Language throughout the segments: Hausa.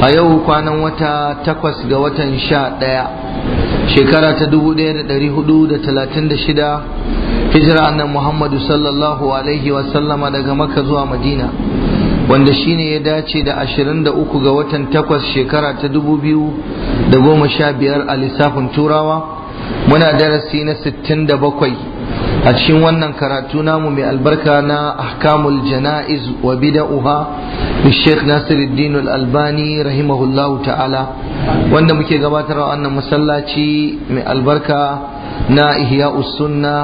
a yau kwanan wata takwas ga watan sha ɗaya shekara ta dubu ɗaya da ɗari hudu da talatin da shida hijira annan muhammadu sallallahu alaihi wasallama daga maka zuwa madina wanda shi ne ya dace da ashirin da uku ga watan takwas shekara ta dubu biyu da goma sha biyar a lissafin turawa muna darasi na sittin da bakwai a cikin wannan karatu namu mai albarka na ahkamul jana'iz wa bida'uha bi Sheikh Nasiruddin Al-Albani rahimahullahu ta'ala wanda muke gabatar wannan masallaci mai albarka na Ihya'us Sunna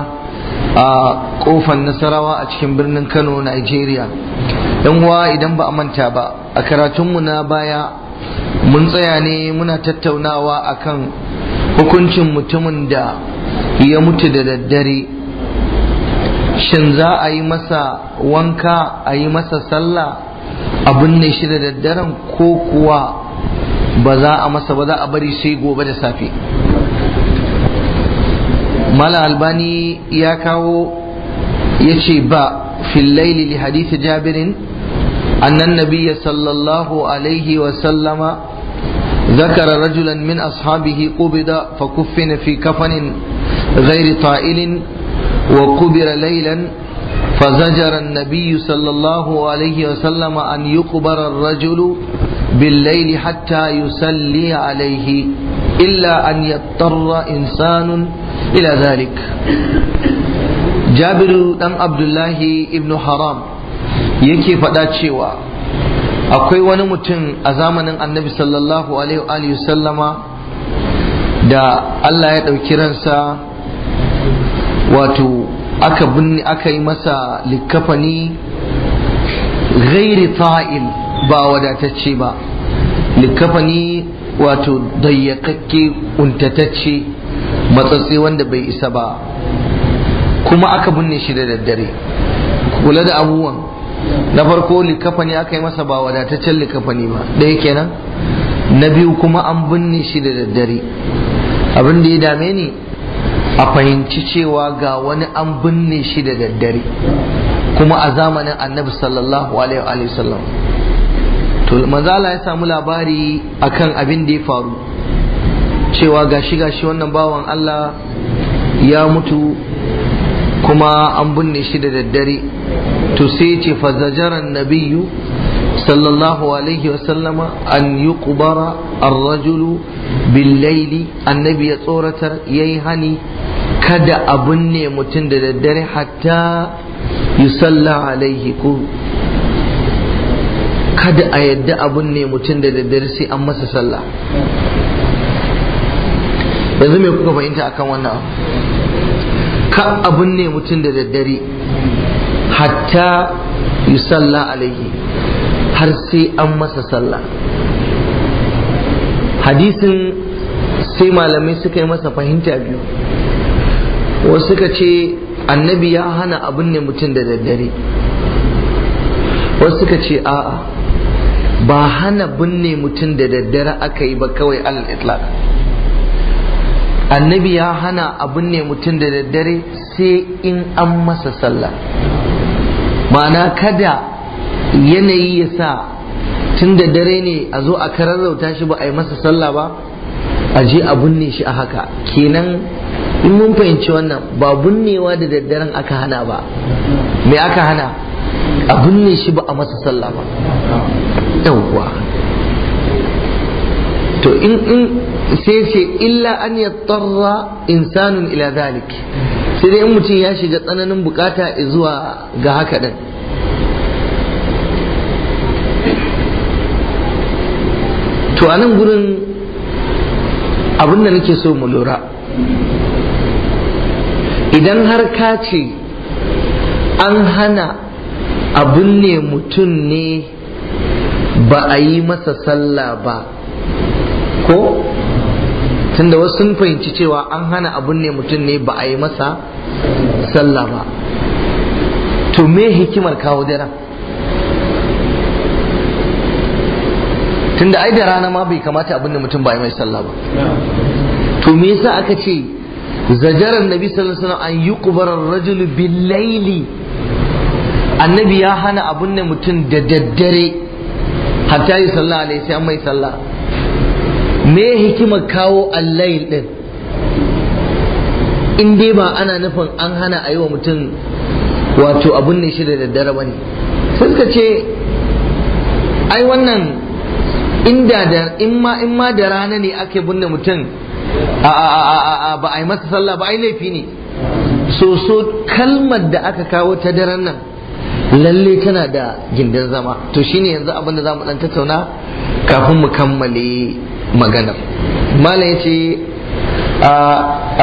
a kofan Nasarawa a cikin birnin Kano Nigeria yan uwa idan ba a manta ba a karatun mu na baya mun tsaya ne muna tattaunawa akan hukuncin mutumin da ya mutu da daddare shin za a yi masa wanka a yi masa sallah abin ne shi da daddaren ko kuwa ba za a masa ba za a bari sai gobe da safe mala albani ya kawo ya ce ba fillaili li hadisi jabirin annan nabiya sallallahu alaihi wasallama ذكر رجلا من أصحابه قبض فكفن في كفن غير طائل وقبر ليلا فزجر النبي صلى الله عليه وسلم أن يقبر الرجل بالليل حتى يصلي عليه إلا أن يضطر إنسان إلى ذلك جابر بن عبد الله ابن حرام yake faɗa cewa akwai wani mutum a zamanin annabi sallallahu alaihi sallama da Allah ya ɗauki ransa wato aka binne aka yi masa likkafani ghairi ta'il ba wadatacce ba likkafani wato dayyakakke untatacce matsatsi wanda bai isa ba kuma aka binne shi da daddare kula da abubuwan na farko likafani aka yi masa ba wadataccen likafani ba ɗaya kenan na biyu kuma an binne shi da daddare abin da ya dame ni a fahimci cewa ga wani an binne shi da daddare kuma a zamanin annabi sallallahu alaihi wasallam to manzala ya samu labari akan abin da ya faru cewa gashi gashi wannan bawan Allah ya mutu kuma an binne shi da daddare to sai ce fazajaran nabiyyu sallallahu alaihi sallama, an yi kubara an rajulu billaili annabi ya tsoratar ya yi hani kada abun ne mutum da daddare hatta yusalla alaihi ko kada a yadda abun ne mutum da daddare sai an masa sallah yanzu mai kuka fahimta akan wannan ka abun ne mutum da daddare hatta yusalla alaihi har sai an masa sallah hadisin sai malamai suka yi masa fahimta biyu wasu ka ce annabi ya hana abin ne mutum da daddare wasu ka ce a'a ba hana binne mutum da daddare aka yi ba kawai alal itlaq annabi ya hana abin ne mutum da daddare sai in an masa sallah ma'ana kada yanayi ya sa tun da dare ne a zo a kararrauta shi ba a yi masa sallah ba a je a binne shi a haka kenan in mun fahimci wannan ba bunnewa da daddaren aka hana ba me aka hana a bunne shi ba a masa sallah ba Ɗauwa. to in in sai ce illa an tsarra insanun ila zalik sai dai in mutum ya shiga tsananin bukata zuwa ga haka din to a nan gurin abin da nake so mu lura idan har ka ce an hana abin ne mutum ne ba a yi masa sallah ba ko tunda wasu sun fahimci cewa an hana abin ne mutum ne ba a yi masa sallah ba to me hikimar kawo daren tunda ai da rana ma bai kamata abin da mutum ba a yi mai sallah ba to me yasa aka ce zajar annabi sallallahu alaihi wasallam an yuqbar ar-rajul bil layli annabi ya hana abun ne mutum da daddare hatta yi sallah alaihi sai an mai sallah me hikima kawo al-layl din in dai ba ana nufin an hana a yi mutum wato abun ne shi da daddare ba ne sai suka ce ai wannan inda da in ma in ma da rana ne ake binne mutum A'a, ba a yi masa sallah ba ai laifi ne so so kalmar da aka kawo ta daren nan lalle tana da gindin zama to shine yanzu abinda za mu dan tattauna kafin mu kammale maganar malam ya ce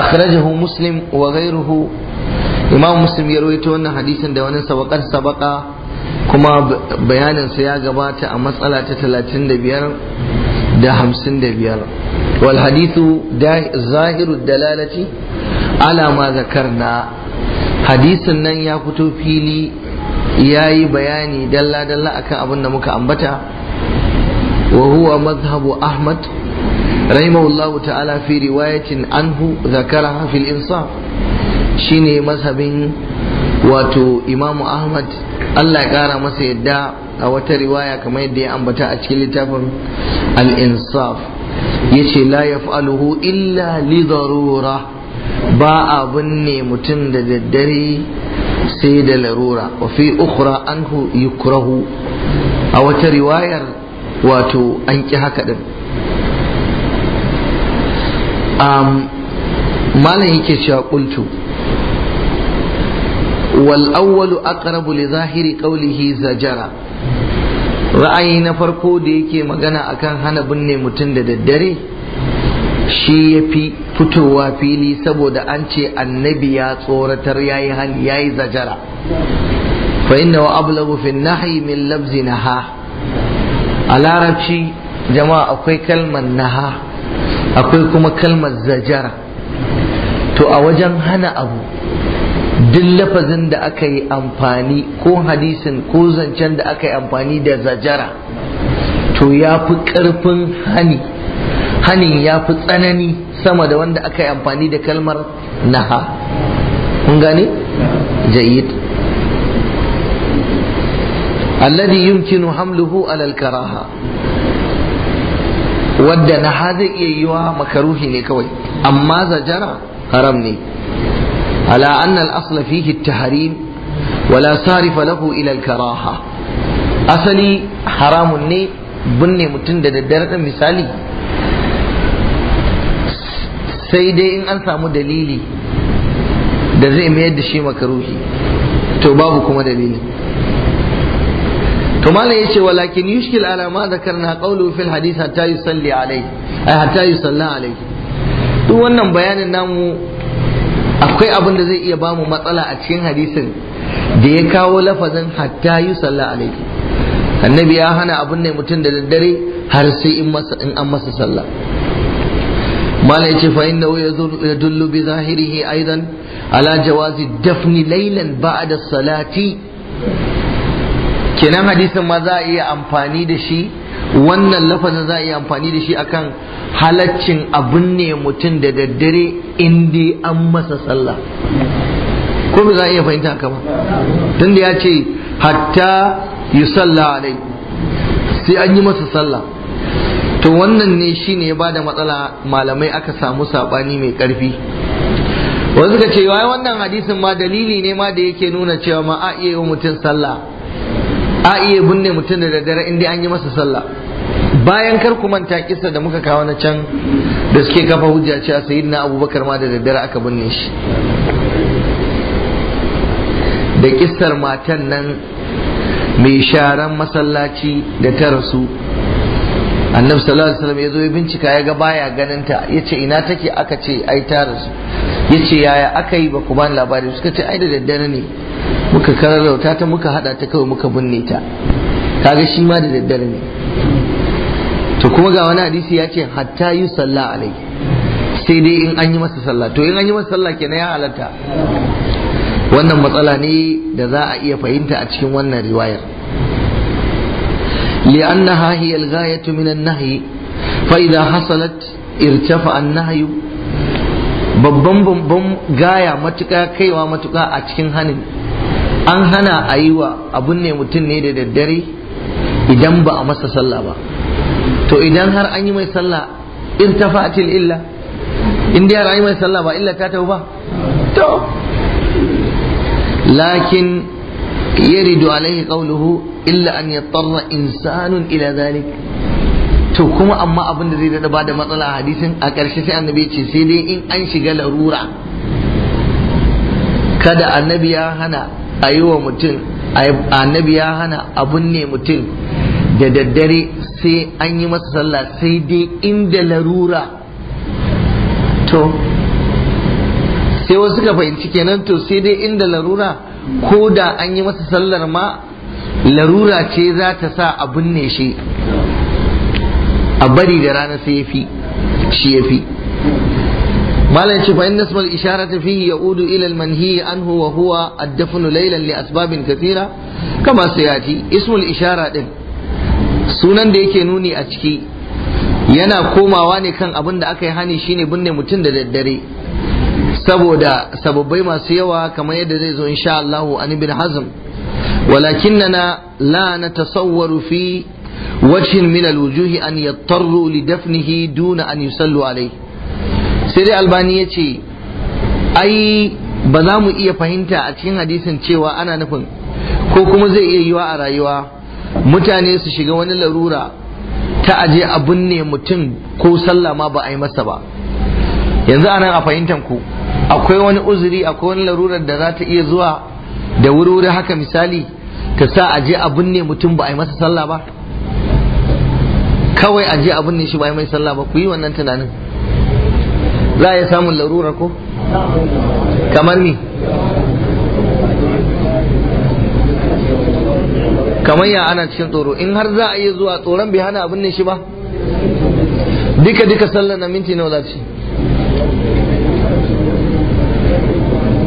akhrajahu muslim wa ghayruhu imam muslim ya ta wannan hadisin da wani sabakar sabaka kuma bayaninsa ya gabata a matsala ta 35 da 55 Walhadisu hadithu zahiru dalalati ala ma zakarna hadisin nan ya fito fili ya yi bayani dalla-dalla akan abin da muka ambata wa huwa mazhabu ahmad rahimahullahu ta'ala fi riwayatin anhu zakara fil insaf shine mazhabin wato imamu ahmad allah ya kara masa yadda a wata riwaya kamar yadda ya ambata a cikin littafin al-insaf yace la yaf'aluhu illa li darura ba abun ne mutum da daddare sai da larura wa fi ukhra anhu yukrahu a wata riwayar wato an ƙi haka din malam yake cewa qultu wal awwalu aqrabu li zahiri qawlihi zajara ra'ayi na farko da yake magana akan hana binne mutum da daddare shi ya fi fitowa fili saboda an ce annabi ya tsoratar ya yi zajara fa inna wa ablagu fi nahi min labzi naha a larabci jama'a akwai kalmar naha akwai kuma kalmar zajara to a wajen hana abu duk lafazin da aka yi amfani ko hadisin ko zancen da aka yi amfani da zajara to ya fi ƙarfin hani hanin ya fi tsanani sama da wanda aka yi amfani da kalmar naha kun gane jayyid alladhi yumkinu hamluhu alal karaha wadda naha zai iya yiwa makaruhi ne kawai amma zajara haram ne على أن الأصل فيه التحريم ولا صارف له إلى الكراهة أصلي حرام ني binne mutum da daddare ɗin misali sai dai in an samu dalili da zai mayar da shi makaruhi to babu kuma dalili to yace walakin yushkil ala ma dhakarna qawlu fil hadith hatta yusalli alayhi ay hatta yusalla alayhi duk wannan bayanin namu akwai abin da zai iya ba mu matsala a cikin hadisin da ya kawo lafazin hatta yi sallah alaiki. annabi ya hana abin ne mutum da daddare har sai in in an masa sallah mala ya ce fa inna ya dullu bi zahirihi aidan ala jawazi dafni laylan ba'da salati kenan hadisin ma za a iya amfani da shi wannan lafazin za a iya amfani da shi akan halaccin abin ne mutum da daddare indi an masa sallah ko za a iya fahimta kama, ba tunda ya ce hatta yi sallah dai, sai an yi masa sallah to wannan ne ne ba da matsala malamai aka samu sabani mai karfi wanda suka ce wai wannan hadisin ma dalili ne ma da yake nuna cewa ma a iya yi wa mutum sallah a iya binne mutum da daddare in an yi masa sallah bayan kar ku manta kisa da muka kawo na can da suke kafa hujja cewa sayyidina abubakar ma da daddare aka binne shi da kisar matan nan mai sharan masallaci da ta rasu annabi sallallahu alaihi wasallam ya zo ya bincika ya ga baya ganin ta yace ina take aka ce ai ta rasu yace yaya aka yi ba ku bani labari suka ce ai da daddare ne muka kararauta ta muka hada ta kawai muka binne ta kaga shi ma da daddare ne to kuma ga wani hadisi ya ce hatta yi sallah alai sai dai in an yi masa sallah to in an yi masa sallah kenan ya halatta wannan matsala ne da za a iya fahimta a cikin wannan riwayar li'annaha hiya al-ghayatu min an-nahy fa idha hasalat irtafa an-nahy babban babban gaya matuka kaiwa matuka a cikin hanin an hana a yi wa abun ne mutum ne da daddare idan ba a masa sallah ba to idan har an yi mai sallah irtafa'atil illa in dai har an yi mai sallah ba illa ta tafi ba to lakin yaridu alaihi qawluhu illa an yattarra insanun ila zalik to kuma amma abin da zai dada ba da matsala a hadisin a ƙarshe sai annabi ce sai dai in an shiga larura kada annabi ya hana a yi wa mutum annabi ya hana abun ne mutum da daddare sai an yi masa sallah sai dai inda larura to sai wasu suka fahimci kenan to sai dai inda larura ko da an yi masa sallar ma larura ce za ta sa a binne shi a bari da rana sai ya fi shi ya fi malam ce fa inna ismal isharata fihi yaudu ila al manhi anhu wa huwa ad-dafnu laylan li asbabin kathira kama sayati ismul ishara din sunan da yake nuni a ciki yana komawa ne kan abin da aka yi hani shine binne mutum da daddare saboda sababbai masu yawa kamar yadda zai zo insha Allah an ibn hazm walakinna la natasawwaru fi wajhin min alwujuhi an yattaru li dafnihi duna an yusallu alayhi sai dai albani yace ai ba za mu iya fahimta a cikin hadisin cewa ana nufin ko kuma zai iya yiwa a rayuwa mutane su shiga wani larura ta aje a binne mutum ko sallah ma ba a yi masa ba yanzu anan a fahimtar ku akwai wani uzuri akwai wani larurar da za ta iya zuwa da wuri-wuri haka misali ta sa aje a binne mutum ba a yi masa sallah ba kawai aje a binne shi ba a yi mai sallah ba ku yi wannan tunanin za a iya samun larurar ko kamar ni kamar ya ana cikin tsoro in har za a yi zuwa tsoron bai hana abin ne shi ba duka duka sallar na minti nawa za ci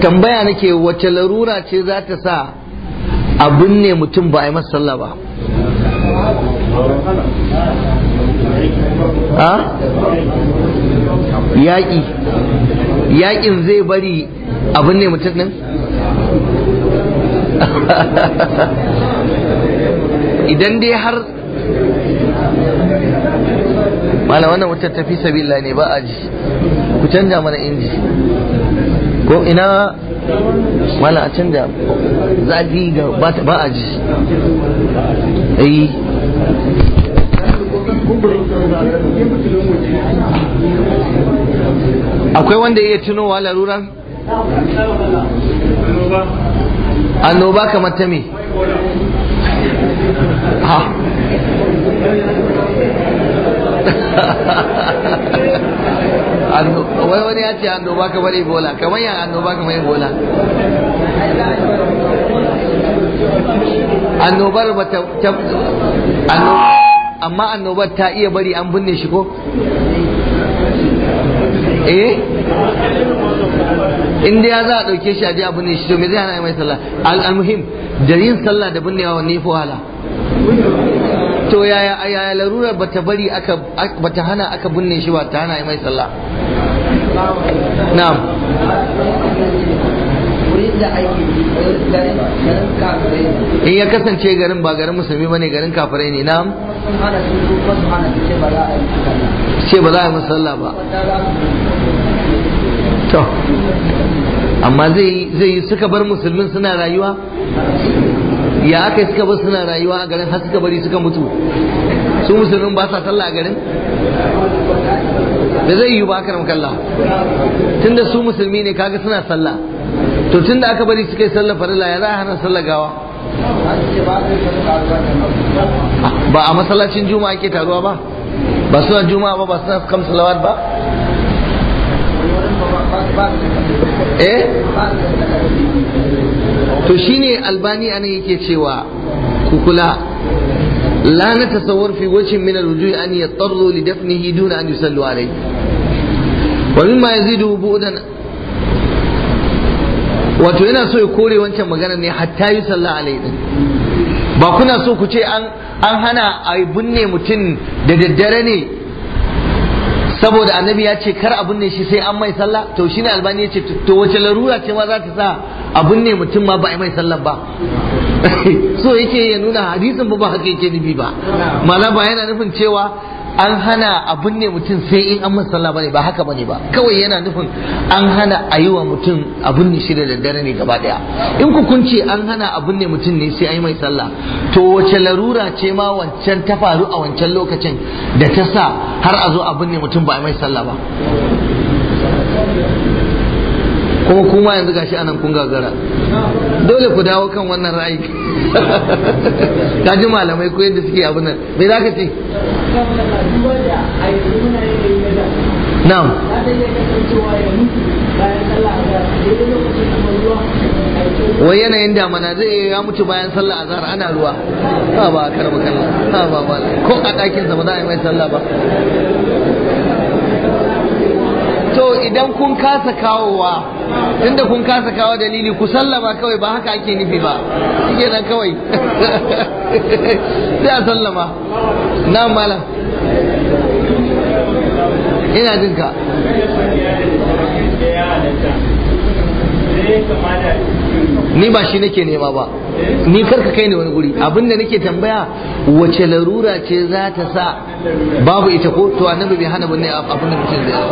tambaya nake wace larura ce za ta sa abin ne mutum ba a yi masa sallah ba a yaƙi yaƙin zai bari abin ne mutum ɗin idan dai har mana wannan wutar tafi sabila ne ba a ji ku canja mana inji ko ina mana a canja zafi ga ba a ji akwai wanda iya tunowa laruran annoba kamar ta me Ah. wai wani ya ce annoba kamar ebola kamar yan annoba kamar ebola annobar ba ta amma annobar ta iya bari an binne shi ko eh in dai ya za a ɗauke shi a ji a ne shi to me zai hana mai sallah al-muhim da yin sallah da bunnewa wanne fi wahala to yaya yaya larura bata bari aka bata hana aka binne shi ba ta hana mai sallah na'am in ya kasance garin ba garin musulmi bane garin kafirai ne na'am ba za a yi musalla ba to amma zai yi suka bar musulmin suna rayuwa ya aka yi suka bar suna rayuwa a garin har suka bari suka mutu su musulmin ba sa sallah a garin da zai yi ba karam kalla tunda su musulmi ne kaga suna sallah to tunda aka bari suka yi sallah farilla ya za a hana sallah gawa ba a masallacin juma'a ke taruwa ba ba suna juma'a ba ba suna kam salawat ba eh to shine albani anan yake cewa ku kukula la na tasawwur fi wajhin min al-wujuh an yattaru li dafnihi duna an yusallu alayhi wa mimma yazidu bu'dan wato yana so ya kore wancan magana ne hatta yi sallah alaihi ba kuna so ku ce an hana a binne mutum da daddare ne saboda annabi ya ce kar abun ne shi sai an mai sallah to shine albani ya ce to wace larura ce ma za ta sa abun ne mutum ma ba a mai sallah ba so yake ya nuna hadisin ba ba haka yake nufi ba mala ba yana nufin cewa an hana abin ne mutum sai in an masa sallah bane ba haka bane ba kawai yana nufin an hana a yi wa mutum abin ne shi da daddare ne gaba daya in ku kun ce an hana abin ne mutum ne sai an yi mai sallah to wace larura ce ma wancan ta faru a wancan lokacin da ta sa har a zo abin ne mutum ba a mai sallah ba kuma kuma yanzu gashi anan kun gagara dole ku dawo kan wannan ra'ayi ji malamai ko yadda suke abin nan me za ka ce wai yanayin damana zai ya mutu bayan sallah azhar ana ruwa ba ba karba kallon ba ba ba ko a ɗakin sa ba za a yi mai sallah ba to idan kun kasa kawowa tunda kun kasa kawo dalili ku sallama kawai ba haka ake nufi ba shike nan kawai sai a sallama na malam ina jinka ka ni ba shi nake nema ba ni karka kai ni wani guri abinda nake tambaya wace larura ce za ta sa babu ita ko to annabi bai hana abin da mutum da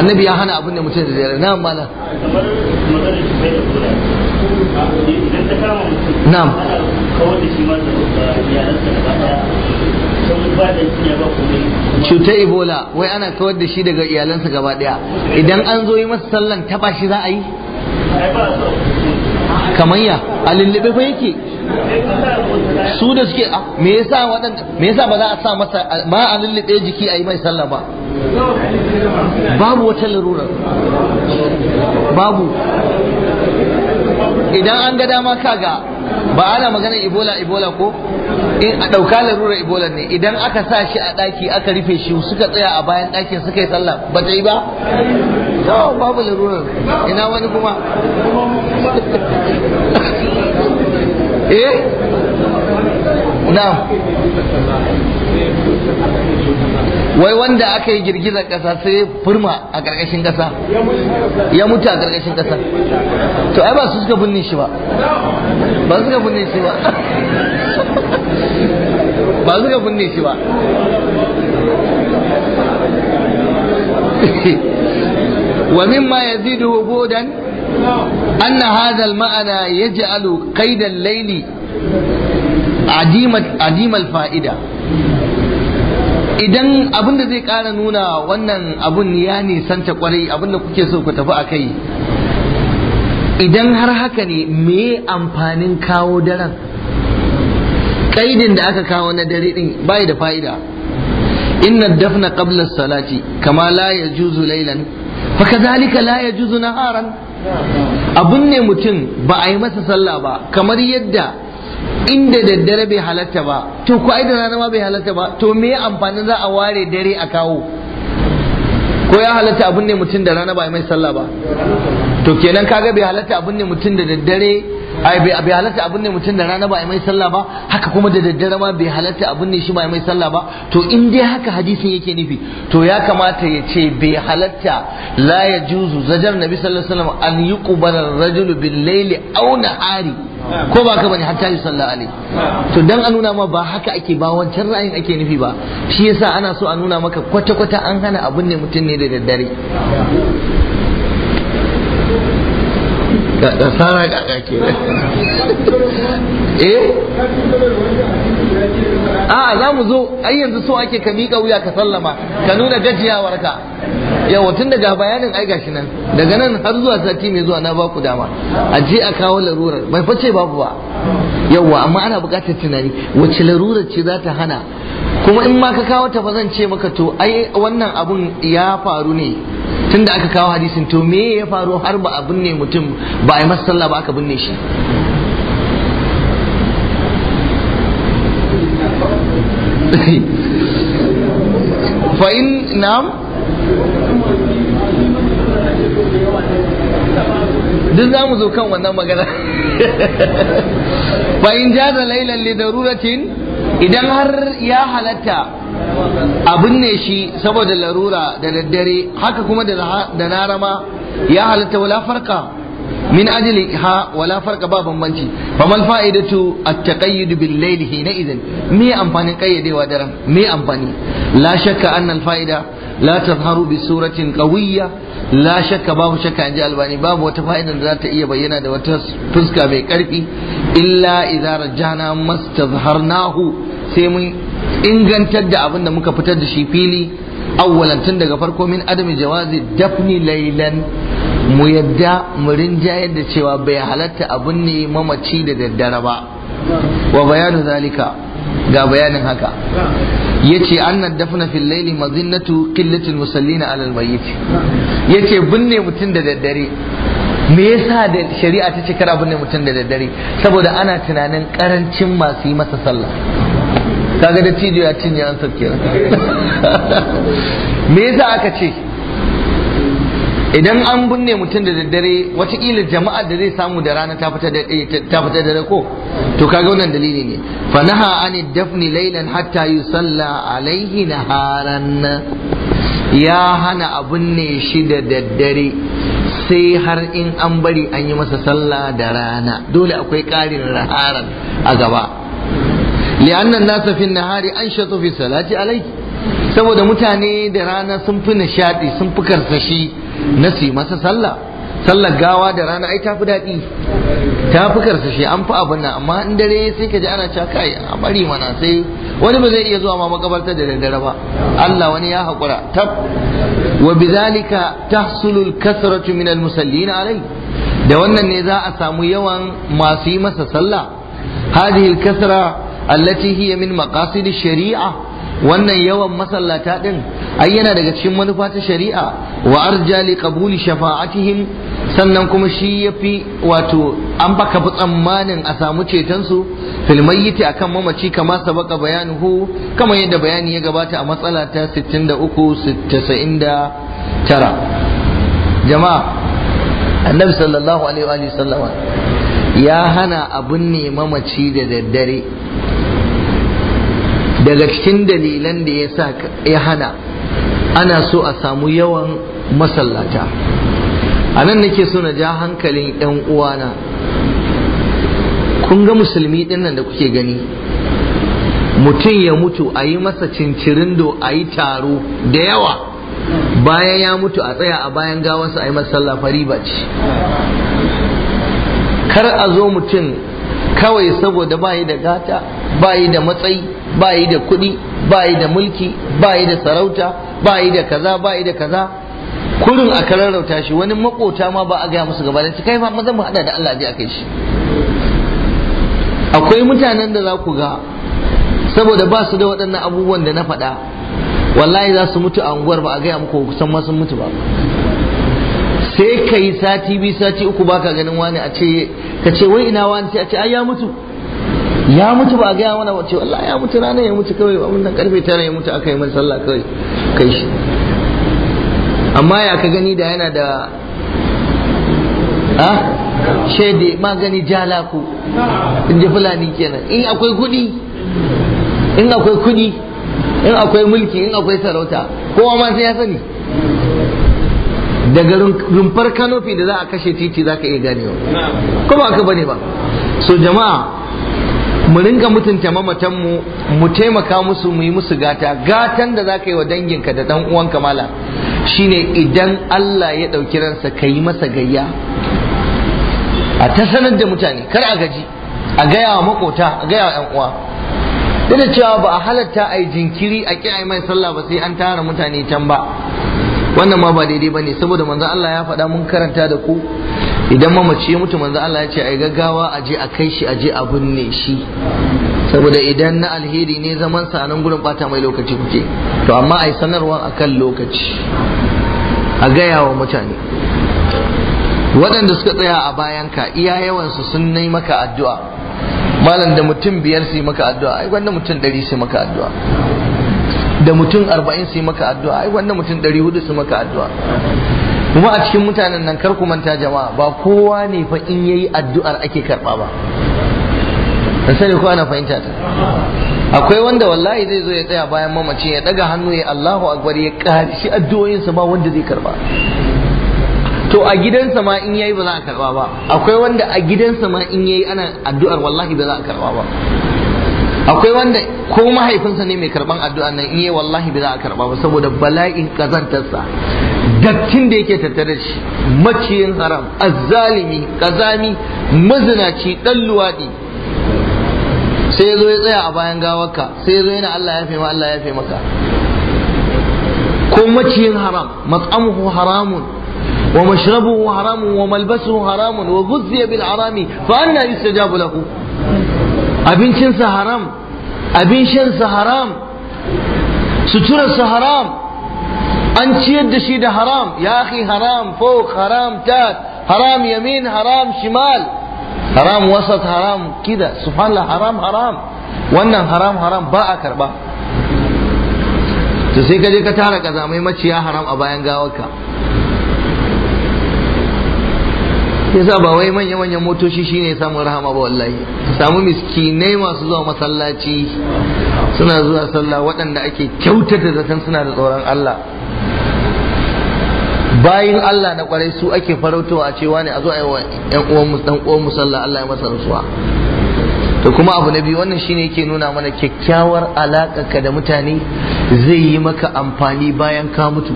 annabi ya hana abin da mutum da yi na'am mala na'am cutar ebola wai ana kawar da shi daga iyalansa gaba daya idan an zo yi masa sallan taba shi za a yi kamayya a lullube fa yake su da suke ah, me yasa waɗanda me yasa ba za a sa masa ba a lullube jiki a yi mai sallah ba babu wata larura babu idan an ga dama kaga ba ana magana ebola ebola ko in eh, a ɗauka larura ebola ne idan aka sa shi a daki aka rufe shi suka tsaya a bayan ɗakin suka yi sallah ba ta yi ba babu larurar ina wani kuma eh na wai wanda aka yi girgizar ƙasa sai furma a ƙarƙashin ƙasa ya mutu a ƙarƙashin ƙasa to ai ba su suka binne shi ba ba su suka binne shi ba ba su suka binne shi ba ومما يزيد وجودا أن هذا المعنى يجعل قيد الليل عديمة عديم الفائدة idan abin da zai ƙara nuna wannan abun ya nisanta kwarai abin da kuke so ku tafi a kai idan har haka ne me amfanin kawo daren kaidin da aka kawo na dare din bai da fa'ida inna dafna qabla salati kama la yajuzu laylan fa kazalika la yajuzu naharan abun ne mutum ba a yi masa sallah ba kamar yadda inda daddare bai halatta ba to ko ai da rana ma bai halatta ba to me amfani za a ware dare a kawo ko ya halatta abun ne mutum da rana ba a yi mai sallah ba to kenan kaga bai halatta abun ne mutum da daddare ai bai halatta abin ne mutum da rana ba mai sallah ba haka kuma da daddare ma bai halatta abun ne shi ba mai sallah ba to in dai haka hadisin yake nufi to ya kamata ya ce bai halatta la ya juzu zajar nabi sallallahu alaihi wasallam an yi ar-rajulu bil layli aw nahari ko ba ka bane hatta yi sallah alaihi to dan a nuna ma ba haka ake ba wancan ra'ayin ake nufi ba shi yasa ana so a nuna maka kwata kwata an hana abun ne mutum ne da daddare tsara kaka ke eh a za mu zo ai yanzu so ake ka miƙa wuya ka sallama ka nuna gajiyawar ka yawa tun daga bayanin ai gashi nan daga nan har zuwa sati mai zuwa na baku dama a je a kawo larurar bai face babu ba yawa amma ana buƙatar tunani wacce larurar ce za ta hana kuma in ma ka kawo ta fa zan ce maka to ai wannan abun ya faru ne tunda aka kawo hadisin to me ya faru har ba a binne mutum ba a yi sallah ba aka binne shi fa'in nam duk za mu zo kan wannan magana fa'in jaza lailan li idan har ya halatta Abin ne shi saboda larura da daddare haka kuma da narama ya halatta wala farka min ajli ha wala farka ba bambanci mal fa'idatu at-taqayyud bil layl hina idan me amfanin kayyadewa daren me amfani la shakka anna al-fa'ida la tazharu bi suratin qawiyya la shakka babu shakka inji albani babu wata fa'ida da za ta iya bayyana da wata fuska mai karfi illa idza rajana mastazharnahu sai mun ingantar da abin da muka fitar da shi fili awwalan tun daga farko min adami jawazi dafni laylan mu yadda mu rinjayar da cewa bai halatta abin ne mamaci da daddare ba wa bayanu zalika ga bayanin haka yace annad dafna fil laili mazinnatu qillatil musallina ala al mayyit yace binne mutum da daddare me yasa da shari'a ta ce kar binne mutum da daddare saboda ana tunanin karancin masu yi masa sallah kaga da tijo ya cinye an sauke me yasa aka ce idan an binne mutum da daddare watakila jama'a da zai samu da rana ta fita da eh, ko to kaga wannan dalili ne fa naha ani dafni laylan hatta yusalla alaihi naharan ya hana a binne shi da daddare sai har in an bari an yi masa sallah da rana dole akwai ƙarin raharan a gaba li'annan nasa fi nahari an shatu fi salati alai saboda mutane da rana sun fi nishadi sun fi karsashi na su masa sallah sallar gawa da rana ai tafi daɗi ta fi karsashi an fi abin nan amma in dare sai ka ji ana cewa kai a bari mana sai wani ba zai iya zuwa ma makabarta da daddare ba Allah wani ya haƙura tab wa bizalika tahsulu al-kasratu min al-musallin alai da wannan ne za a samu yawan masu yi masa sallah hadhihi al-kasra allati hiya min maqasid shari'a wannan yawan masallata din ai yana daga cikin manufa ta shari'a wa arja li qabuli shafa'atihim sannan kuma shi yafi wato an baka fi tsammanin a samu ceton su fil mayyiti akan mamaci kama sabaka bayanuhu kama yadda bayani ya gabata a matsala ta 63 tara. jama'a annabi sallallahu alaihi wa sallama ya hana abun ne mamaci da daddare daga cikin dalilan da ya sa ya hana ana so a samu yawan masallata a nan nake so na ja hankalin 'yan uwana kun ga musulmi ɗin nan da kuke gani mutum ya mutu a yi masa cincirindo a yi taro da yawa bayan ya mutu a tsaya a bayan gawansa a yi masa sallah fari ba ce kar a zo mutum kawai saboda bayi da gata bayi da matsayi bayi da kuɗi bayi da mulki bayi da sarauta bayi da kaza bayi da kaza kurin a kararrauta shi wani makota ma ba a gaya musu gaba da kai ma maza mu hada da Allah a kai shi akwai mutanen da za ku ga saboda ba su da waɗannan abubuwan da na faɗa wallahi za su mutu a unguwar ba a gaya muku kusan ma sun mutu ba sai ka sati biyu sati uku baka ganin wani a ce ka ce wai ina wani sai a ce ai ya mutu ya mutu ba a gaya mana ba ce wallahi ya mutu rana ya mutu kawai ba nan karfe tara ya mutu aka yi mai sallah kawai kai shi amma ya ka gani da yana da ah shaidi magani jalaku in ji fulani kenan in akwai kudi, in akwai kudi in akwai mulki in akwai sarauta kowa ma sai ya sani daga rumfar kanofi da za a kashe titi za ka iya ganewa ko ba ka bane ba so jama'a mu rinka mutunta mamatanmu mu taimaka musu mu yi musu gata gatan da za ka yi wa danginka da dan uwan kamala shine idan Allah ya ɗauki ransa ka yi masa gayya a ta sanar da mutane kar a gaji a gaya wa makota a gaya wa 'yan uwa da cewa ba a halatta a yi jinkiri a ƙi mai sallah ba sai an tara mutane can ba wannan ma ba daidai ba bane saboda manzo Allah ya faɗa mun karanta da ku idan mamaci ya mutu manzo Allah ya ce ai gaggawa a je a kai shi a je a binne shi saboda idan na alheri ne zaman sa nan gurin bata mai lokaci kuke to amma ai sanarwa akan lokaci a gaya wa mutane waɗanda suka tsaya a bayanka iya yawansu sun nai maka addu'a malam da mutum biyar su yi maka addu'a ai wanda mutum ɗari su maka addu'a da mutum arba'in su yi maka addu'a ai wannan mutum ɗari hudu su maka addu'a kuma a cikin mutanen nan kar ku manta jama'a ba kowa ne fa in yayi addu'ar ake karɓa ba da sani ko ana fahimta ta akwai wanda wallahi zai zo ya tsaya bayan mamaci ya daga hannu ya Allahu akbar ya kashi addu'o'insa ba wanda zai karba to a gidansa ma in yayi ba za a karba ba akwai wanda a gidansa ma in yayi ana addu'ar wallahi ba za a karba ba akwai wanda ko mahaifinsa ne mai karban addu'a nan in yi wallahi ba za a karba ba saboda bala'in kazantarsa dattin da yake tattare da shi maciyin haram azzalimi kazami mazinaci dan luwaɗi sai ya zo ya tsaya a bayan gawarka sai ya zo yana Allah ya fi Allah ya fi maka ko maciyin haram mat'amuhu haramun wa mashrabuhu haramun wa malbasuhu haramun wa ghuzziya bil harami fa anna yustajabu lahu abincinsa haram abin shansa haram suturarsa haram an ciyar da shi da haram ya haram fok haram tat haram yamin haram shimal haram wasat haram kida subhanallah haram haram wannan haram haram ba a karba to sai ka je ka tara kazamai maciya haram a bayan gawarka shi yasa ba wai manya manyan motoci shine samun rahama ba wallahi samu miskinai masu zuwa masallaci suna zuwa sallah waɗanda ake kyautata zaton suna da tsoron Allah bayin Allah na kwarai su ake farautowa a cewa ne a zo a yi wa ɗan uwan uwan musalla Allah ya masa rasuwa to kuma abu na biyu wannan shine yake nuna mana kyakkyawar alaƙa ka da mutane zai yi maka amfani bayan ka mutu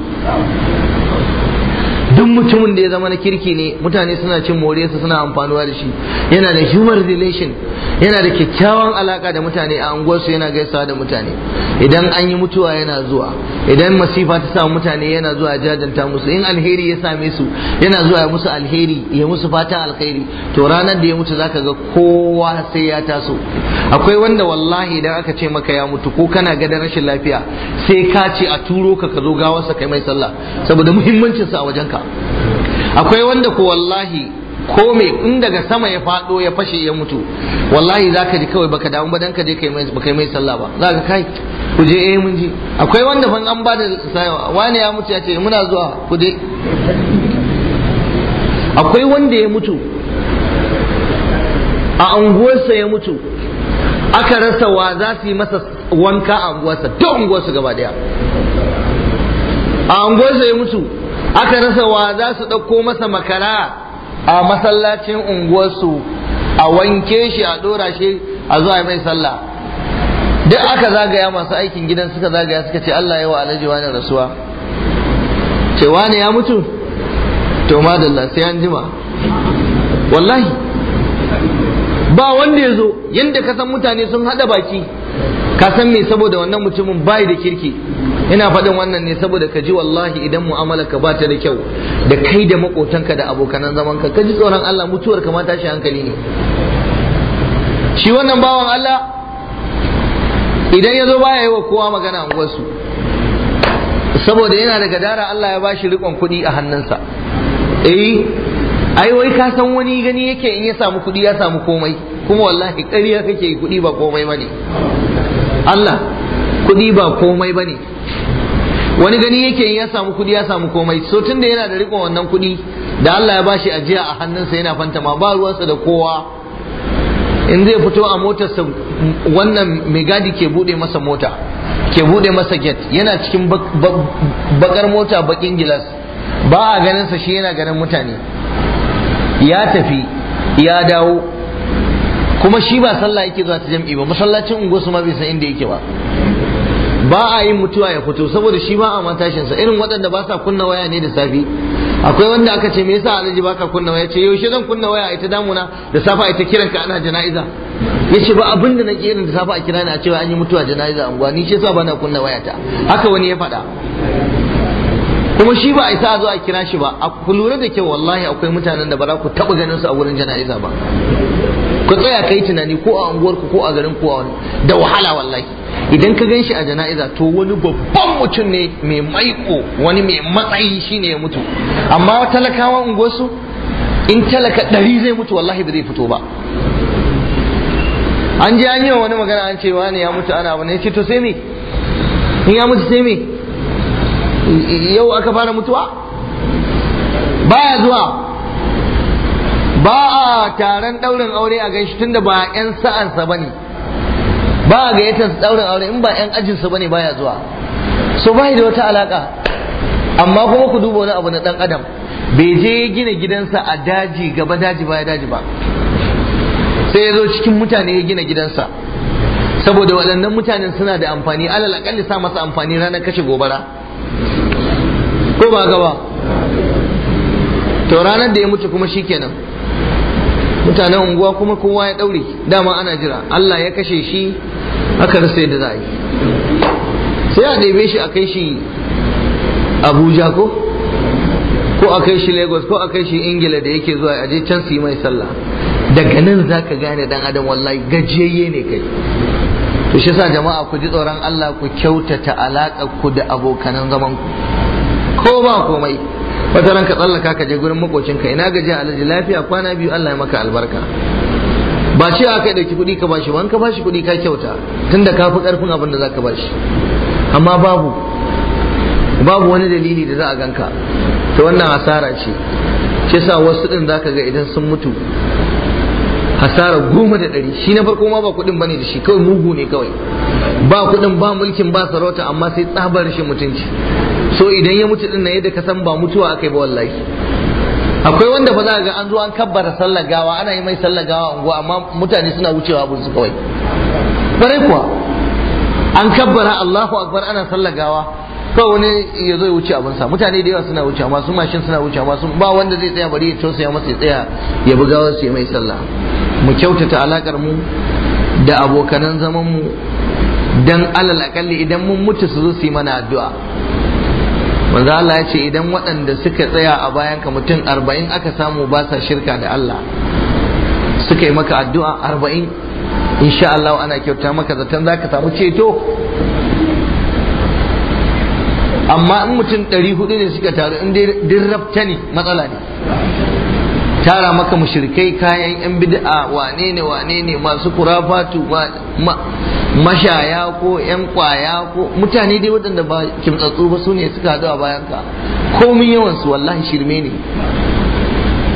duk mutumin da ya zama na kirki ne mutane suna cin moriyarsa suna amfanuwa da shi yana da human relation yana da kyakkyawan alaka da mutane a unguwarsu yana gaisawa da mutane idan an yi mutuwa yana zuwa idan masifa ta samu mutane yana zuwa jajanta musu in alheri ya same su yana zuwa ya musu alheri ya musu fatan alheri to ranar da ya mutu zaka ga kowa sai ya taso akwai wanda wallahi idan aka ce maka ya mutu ko kana gadan rashin lafiya sai ka ce a turo ka ka zo gawarsa kai mai sallah saboda muhimmancinsa a wajenka akwai wanda ko wallahi ko me in daga sama ya fado ya fashe ya mutu wallahi ka ji kawai baka damu ba dan ka je kai mai mai sallah ba ka kai ku je eh mun ji akwai wanda fa an bada wani ya mutu ya ce muna zuwa ku je akwai wanda ya mutu a unguwarsa ya mutu aka rasa wa za su yi masa wanka a unguwarsa ta unguwarsa gaba daya a unguwarsa ya mutu aka rasa wa za su ɗauko masa makara a masallacin unguwarsu a wanke shi a dora shi a zuwa mai sallah duk aka zagaya masu aikin gidan suka zagaya suka ce Allah ya wa alhaji wani rasuwa ce wani ya mutu to madalla sai an jima wallahi ba wanda ya zo yadda ka san mutane sun hada baki ka san me saboda wannan mutumin bai da kirki ina faɗin wannan ne saboda ka ji wallahi idan mu'amala ka bata da kyau da kai da makotanka da abokanan zaman ka ka ji tsoron Allah mutuwar ka ma tashi hankali ne shi wannan bawan Allah idan ya zo baya yi wa kowa magana unguwarsu saboda yana da dara Allah ya ba shi rikon kuɗi a hannunsa eh ai wai ka san wani gani yake in ya samu kuɗi ya samu komai kuma wallahi ƙarya kake kuɗi ba komai bane Allah kuɗi ba komai bane wani gani yake ya samu kuɗi ya samu komai so tunda yana da rikon wannan kuɗi da Allah ya bashi ajiya a hannunsa yana fantama ba ruwansa da kowa in zai fito a motarsa wannan mai gadi ke bude masa mota ke bude masa gate yana cikin bakar mota bakin gilas ba a ganinsa shi yana ganin mutane ya tafi ya dawo kuma shi ba sallah yake zuwa ta jam'i ba masallacin su ma bai san inda yake ba ba a yin mutuwa ya fito saboda shi ba a ma irin waɗanda ba sa kunna waya ne da safi akwai wanda aka ce me yasa alhaji baka kunna waya ce yaushe zan kunna waya ita damuna da safa ita kiran ka ana jana'iza yace ba abin da nake irin da safa a kira ni a cewa an yi mutuwa jana'iza anguwa ni ce sa ba na kunna wayata haka wani ya faɗa kuma shi ba a isa a zo a kira shi ba a ku lura da kyau wallahi akwai mutanen da ba za ku taɓa ganin su a wurin jana'iza ba ku tsaya kai tunani ko a unguwarku ko a garin ku a wani da wahala wallahi idan ka ganshi a jana'iza to wani babban mutum ne mai maiko wani mai matsayi ne ya mutu amma talakawa unguwarsu in talaka ɗari zai mutu wallahi ba zai fito ba an ji an yi wani magana an cewa ne ya mutu ana wani ya ce to sai me in ya mutu sai me yau aka fara mutuwa baya zuwa ba a taron ɗaurin aure a ganshi tunda ba 'yan sa'ansa ba ne ba a gayyatar su daurin aure in ba yan ajin su bane baya zuwa so bai da wata alaka amma kuma ku duba wani abu na dan adam bai je gina gidansa a daji gaba daji baya daji ba sai ya zo cikin mutane ya gina gidansa saboda waɗannan mutanen suna da amfani alal akalli sa masa amfani ranar kashe gobara ko ba gaba to ranar da ya mutu kuma shi shikenan mutanen unguwa kuma kowa ya daure dama ana jira Allah ya kashe shi aka rasa yadda za a sai a ɗebe shi a kai shi abuja ko ko a kai shi lagos ko a kai shi ingila da yake zuwa aje can su yi mai sallah daga nan za ka gane dan adam wallahi gajiyayye ne kai to shi sa jama'a ku ji tsoron allah ku kyautata alaƙa ku da abokanan zaman ku ko ba komai wata ran ka tsallaka ka je gurin makocinka ina a alaji lafiya kwana biyu Allah ya maka albarka ba ce aka dauki kuɗi ka bashi ka bashi kuɗi ka kyauta tunda ka fi karfin abin da zaka bashi amma babu babu wani dalili da za a ganka to wannan asara ce shi yasa wasu din zaka ga idan sun mutu hasara goma da ɗari shi na farko ma ba kuɗin bane da shi kawai mugu ne kawai ba kuɗin ba mulkin ba sarauta amma sai tsabar shi mutunci so idan ya mutu din nan yadda ka san ba mutuwa akai ba wallahi akwai wanda fa za ga an zo an kabbara sallar gawa ana yi mai sallar gawa unguwa amma mutane suna wucewa abun su kawai bare kuwa an kabbara Allahu akbar ana sallar gawa kawai wani ya zo ya wuce abin sa mutane da yawa suna wucewa masu mashin suna wucewa masu ba wanda zai tsaya bari ya tausaya masa ya tsaya ya buga wasu ya mai sallah mu kyautata alakar mu da abokanan zaman mu dan alal akalli idan mun mutu su zo su yi mana addu'a manzo Allah ya ce idan waɗanda suka tsaya a ka mutum arba'in aka samu ba sa shirka da Allah suka yi maka addu'a arba'in insha Allah ana kyauta maka zaton za ka samu ceto amma in mutum ɗari hudu ne suka taru in din rafta ne matsala ne tara maka mushrikai kayan yan bid'a wane ne wane ne masu kurafatu mashaya ko 'yan kwaya ko mutane dai wadanda ba kimtsatsu ba sune suka hadu a bayan ka komin yawan su wallahi shirme ne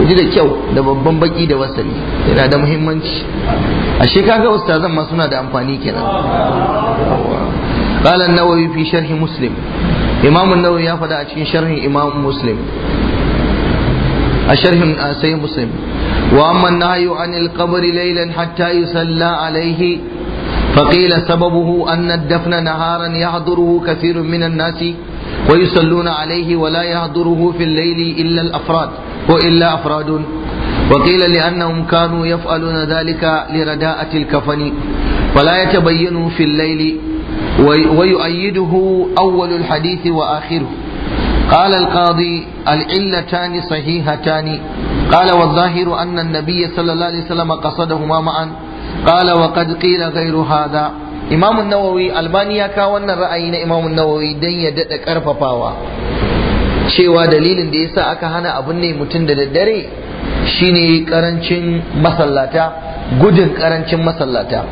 ji da kyau da babban baki da wasali yana da muhimmanci a shekaga ustazan ma suna da amfani kenan ƙalan nawawi fi sharhi muslim imamun nawawi ya faɗa a cikin sharhin imam muslim a sharhin sai muslim wa amma nahayu anil qabri laylan hatta yusalla alayhi فقيل سببه أن الدفن نهارا يحضره كثير من الناس ويصلون عليه ولا يحضره في الليل إلا الأفراد وإلا أفراد وقيل لأنهم كانوا يفعلون ذلك لرداءة الكفن ولا يتبين في الليل ويؤيده أول الحديث وآخره قال القاضي العلتان صحيحتان قال والظاهر أن النبي صلى الله عليه وسلم قصدهما معا قال wa قيل غير هذا امام النووي wannan ra'ayi na imam an-nawawi dan ya dada karfafawa cewa dalilin da yasa aka hana abun ne mutum da daddare shine karancin masallata gudun karancin masallata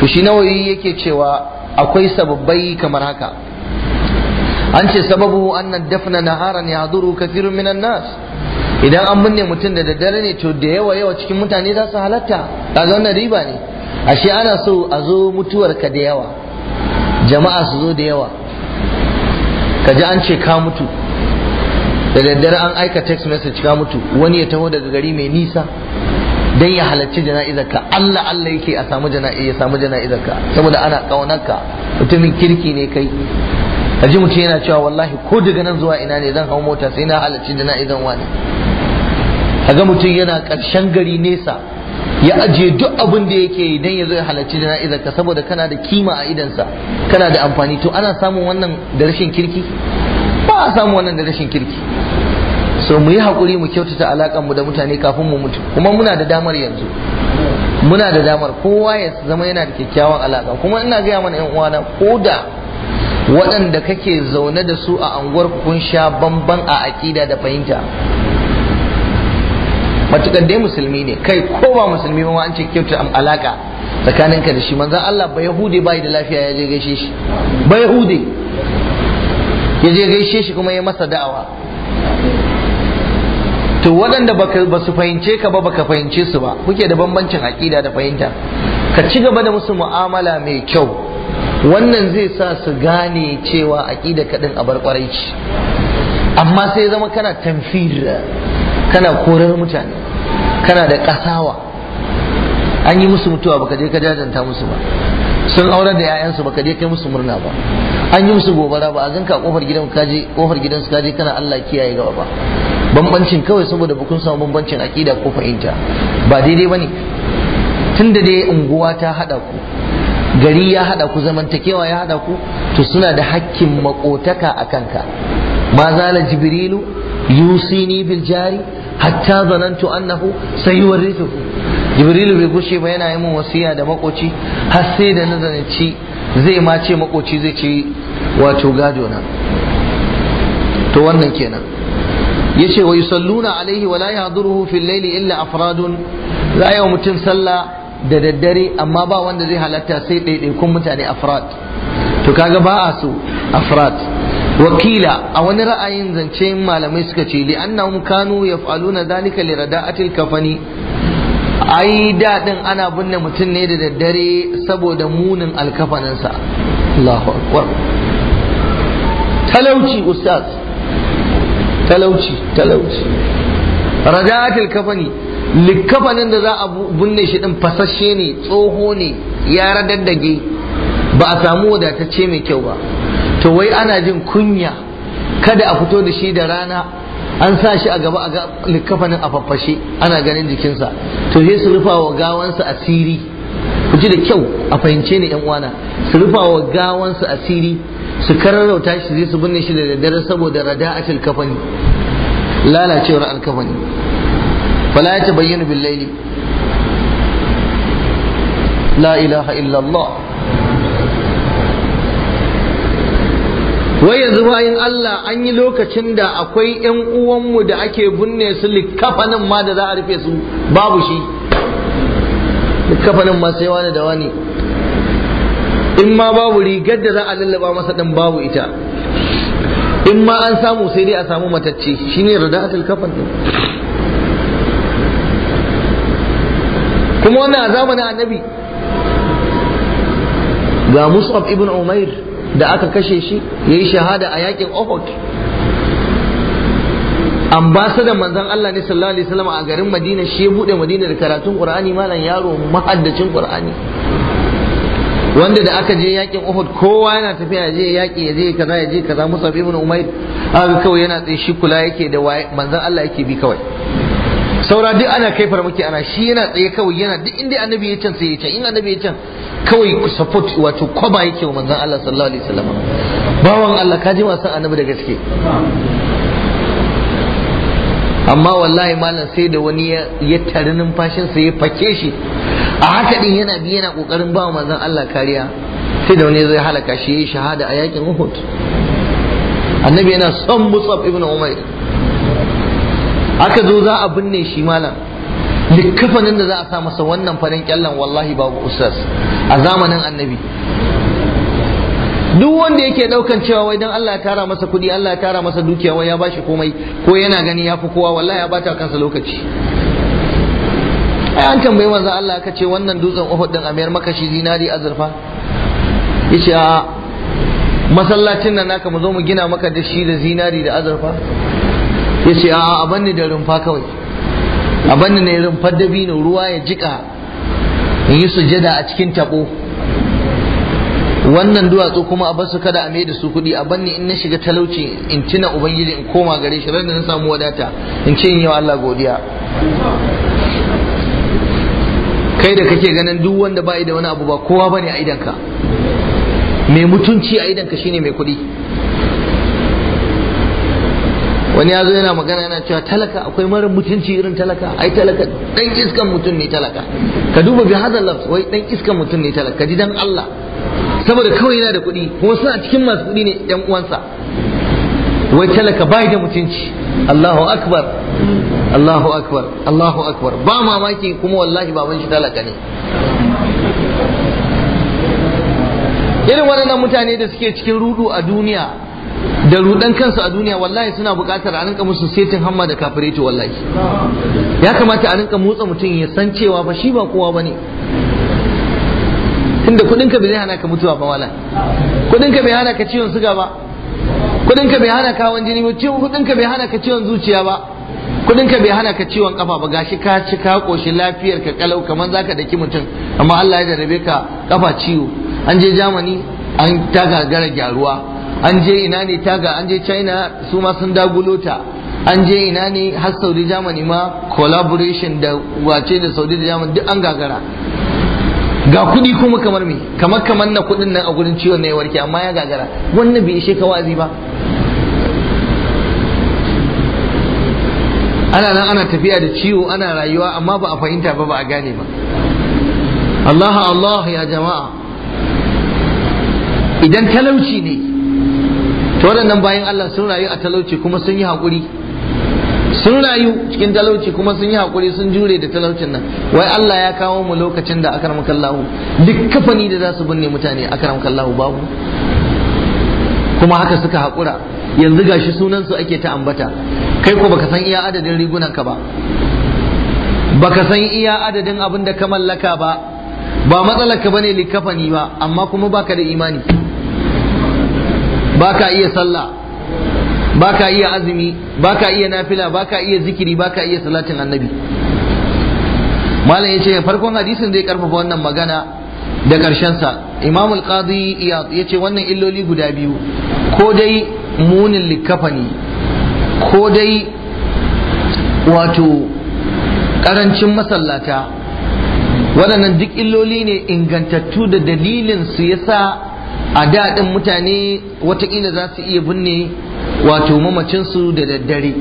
to shi nawawi yake cewa akwai sababbai kamar haka an ce sababu annan dafna naharan yaduru kathirun minan nas idan an binne mutum da daddare ne to da yawa yawa cikin mutane za su halatta kaga wannan riba ne ashe ana so a zo mutuwar ka da yawa jama'a su zo da yawa ka ji an ce ka mutu da daddare an aika text message ka mutu wani ya taho daga gari mai nisa dan ya halarci ka. Allah Allah yake a samu jana'i ya samu ka saboda ana ka mutumin kirki ne kai kaji mutum yana cewa wallahi ko daga nan zuwa ina ne zan hau mota sai na halarci jana'izan wani kaga mutum yana ƙarshen gari nesa ya ajiye duk abin da yake yi don ya zo ya halarci jana'izar ka saboda kana da kima a idansa kana da amfani to ana samun wannan da rashin kirki ba a samun wannan da rashin kirki so mu yi haƙuri mu kyautata alaƙar mu da mutane kafin mu mutu kuma muna da damar yanzu muna da damar kowa ya zama yana da kyakkyawan alaƙa kuma ina gaya mana yan uwana ko da waɗanda kake zaune da su a anguwar kun sha bamban a aƙida da fahimta matukar dai musulmi ne kai ko ba musulmi ba an ce kyauta am alaka tsakaninka da shi manzon Allah ba yahudi ba da lafiya ya je gaishe shi ba yahudi ya je gaishe shi kuma ya masa da'awa to waɗanda ba su fahimce ka ba baka fahimce su ba kuke da bambancin aƙida da fahimta ka ci gaba da musu mu'amala mai kyau wannan zai sa su gane cewa aƙida kaɗin abar ƙwarai ce amma sai zama kana tamfir kana korar mutane kana da kasawa an yi musu mutuwa baka je ka jajanta musu ba sun aurar da 'ya'yansu baka je kai musu murna ba an yi musu gobara ba a ganka kofar gidan kaje kofar gidansu kaje kana Allah kiyaye gaba ba bambancin kawai saboda ba kun samu bambancin akida ko fahimta ba daidai bane tunda dai unguwa ta hada ku gari ya hada ku zamantakewa ya hada ku to suna da hakkin makotaka a kanka ma zala jibrilu yusini bil jari hatta zanantu annahu sayuwarrithu Jibril bai gushe ba yana yi min wasiya da makoci har sai da na zanci zai ma ce makoci zai ce wato gado na to wannan kenan yace wa yusalluna alaihi wa la yahduruhu fil layli illa afradun za a yi wa mutum sallah da daddare amma ba wanda zai halatta sai ɗaiɗaikun mutane afrad to kaga ba a so afrad wakila a wani ra'ayin zance malamai suka ce li annahum kanu yaf'aluna dhalika li rada'atil kafani ai daɗin ana binne mutum ne da daddare saboda munin alkafaninsa Allahu akbar talauci ustaz talauci talauci rada'atil kafani likafanin da za a binne shi din fasashe ne tsoho ne ya radaddage ba a samu wadatacce mai kyau ba to wai ana jin kunya kada a fito da shi da rana an sa shi a gaba a ga likafanin a faffashe ana ganin jikinsa to sai su rufa wa gawansa asiri ku ji da kyau a fahimce ni yan uwana su rufa wa gawansa asiri su kararrauta shi zai su binne shi da daddare saboda rada'atul kafani lalacewar alkafani fala ya tabayyana bil la ilaha illallah wai yanzu bayan Allah an yi lokacin da akwai ƴan uwanmu da ake binne su likafanin ma da za a rufe su babu shi likafanin ma sai wani da wani in ma babu rigar da za a lallaba masa dan babu ita in ma an samu sai dai a samu matacce shine radatul kafan din kuma wannan a zamanin annabi ga Mus'ab ibn Umair da aka kashe shi ya yi shahada a yakin Uhud ambasadan manzon Allah ne sallallahu alaihi wasallam a garin Madina shi ya bude Madina da karatun Qur'ani malam yaro mahaddacin Qur'ani wanda da aka je yakin Uhud kowa yana tafiya je yaki ya je kaza ya je kaza Musab ibn Umar, aka kawai yana tsaye shi kula yake da manzon Allah yake bi kawai saura duk ana kai farmaki ana shi yana tsaye kawai yana duk inda annabi ya can sai ya can in annabi ya can kawai support wato kwaba yake wa manzan Allah sallallahu alaihi wasallam bawan Allah ka ji wasan annabi da gaske amma wallahi malam sai da wani ya tari numfashinsa ya fake shi a haka din yana bi yana kokarin ba manzan Allah kariya sai da wani zai halaka shi yayi shahada a yakin Uhud annabi yana son Musab ibn Umair aka zo za a binne shi malam kafanin da za a sa masa wannan farin kyallan wallahi babu ustaz a zamanin annabi duk wanda yake daukan cewa wai dan Allah ya tara masa kudi Allah ya tara masa dukiya wai ya bashi komai ko yana gani ya fi kowa wallahi ya bata kansa lokaci ai an tambayi manzo Allah ka ce wannan dutsen Uhud din a mayar maka shi zinari azurfa yace a masallacin nan naka mu zo mu gina maka da shi da zinari da azurfa yace a a banni da rumfa kawai abin ne rumfar dabino ruwa ya jika in yi sujada a cikin tabo wannan duwatsu kuma a basu kada a mai da su kuɗi a banni in na shiga talauci in tuna ubangiji in koma gare shi ran da na samu wadata in ce in yi Allah godiya kai da kake ganin duk wanda ba da wani abu ba kowa bane a idanka mai mutunci a idanka shine mai kuɗi wani ya zo yana magana yana cewa talaka akwai mara mutunci irin talaka ai talaka dan iskan mutum ne talaka ka duba bi hadal lafs wai dan iskan mutum ne talaka ka ji dan Allah saboda kawai yana da kuɗi kuma suna cikin masu kuɗi ne yan uwansa wai talaka bai da mutunci Allahu akbar Allahu akbar Allahu akbar ba mamaki kuma wallahi baban shi talaka ne irin waɗannan mutane da suke cikin rudu a duniya da rudan kansu a duniya wallahi suna buƙatar a rinka musu setin hamma da kafireto wallahi ya kamata a rinka motsa mutum ya san cewa ba shi ba kowa bane tunda kudin ka bai hana ka mutuwa ba wala kudin ka bai hana ka ciwon suga ba kudin ka bai hana ka hawan jini ba kudin ka bai hana ka ciwon zuciya ba kudin ka bai hana ka ciwon kafa ba gashi ka ci ka koshi lafiyar ka kalau kamar zaka daki mutum amma Allah ya jarrabe ka kafa ciwo an je Germany an taga gara gyaruwa an je ina ne taga an je china su ma sun dagulo ta an je ina ne har saudi germany ma collaboration da wace da saudi germany duk an gagara ga kudi kuma kamar me kamar kamar na kudin nan a gurin ciwon na ya warke amma ya gagara wannan bai ishe ka wazi ba ana nan ana tafiya da ciwo ana rayuwa amma ba a fahimta ba ba a gane ba Allah Allah ya jama'a idan talauci ne to waɗannan bayan Allah sun rayu a talauci kuma sun yi haƙuri sun rayu cikin talauci kuma sun yi haƙuri sun jure da talaucin nan wai Allah ya kawo mu lokacin da akaram kallahu duk kafani da za su binne mutane akaram kallahu babu kuma haka suka haƙura yanzu gashi sunan su ake ta ambata kai ko baka san iya adadin rigunan ka ba baka san iya adadin abin da ka mallaka ba ba matsalar ka bane likafani ba amma kuma baka da imani baka iya sallah baka iya azumi baka iya nafila baka iya zikiri baka iya salatin annabi malam yace farkon hadisin zai karfafa wannan magana da karshen sa imam al-qadi yace wannan illoli guda biyu ko dai munin likafani ko dai wato karancin masallata waɗannan duk illoli ne ingantattu da dalilin su yasa a da ɗin mutane watakila za su iya binne wato mamacinsu da daddare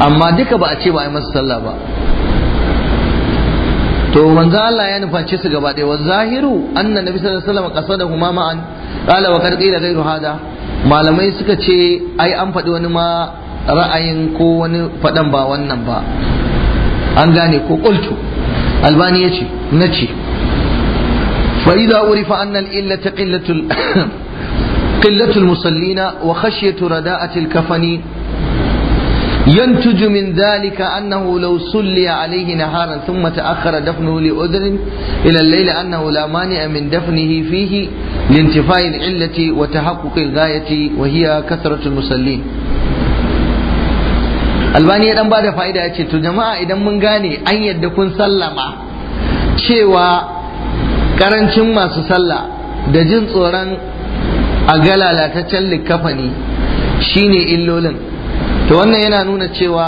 amma duka ba a ce ba a yi masu sallah ba to wanzu Allah ya nufaci su gaba ɗaya wa zahiru an na nabi sallallahu alaihi wasallam da kuma ma'an ƙala wa qad da hada malamai suka ce ai an faɗi wani ma ra'ayin ko wani faɗan ba wannan ba an gane ko ƙultu albani ya ce na ce. فإذا عرف أن الإلة قلة قلة المصلين وخشية رداءة الكفن ينتج من ذلك أنه لو صلي عليه نهارا ثم تأخر دفنه لأذر إلى الليل أنه لا مانع من دفنه فيه لانتفاء العلة وتحقق الغاية وهي كثرة المصلين albani ya dan bada fa'ida ya ce to jama'a idan mun gane an yadda kun sallama cewa karancin masu sallah da jin tsoron a ga lalataccen likafani shine illolin to wannan yana nuna cewa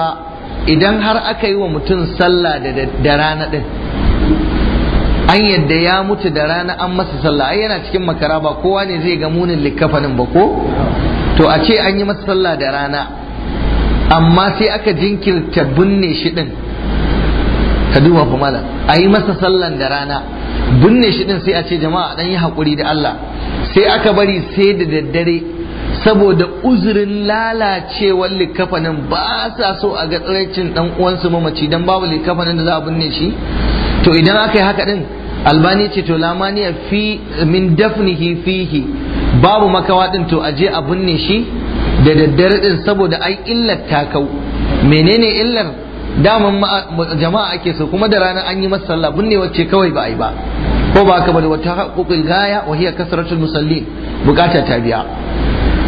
idan har aka yi wa mutum sallah da rana ɗin an yadda ya mutu da rana an masa sallah ai yana cikin makara ba kowa ne zai ga munin likafanin ba ko to a ce an yi masa sallah da rana amma sai aka jinkirta binne shi din ka duba kuma a yi masa sallan da rana binne shi din sai a ce jama'a dan yi hakuri da Allah sai aka bari sai da daddare saboda uzurin lalacewar likafanin ba sa so a ga tsiraicin dan uwansu mamaci dan babu likafanin da za a binne shi to idan aka yi haka din albani ce to lamaniya fi min dafnihi fihi babu makawa din to aje a binne shi da daddare din saboda ai illar ta menene illar daman jama'a ake so kuma da rana an yi masa sallah bunne wacce kawai ba a yi ba ko ba ka bari wata haƙuƙin gaya wa hiya kasratul musallin bukata ta biya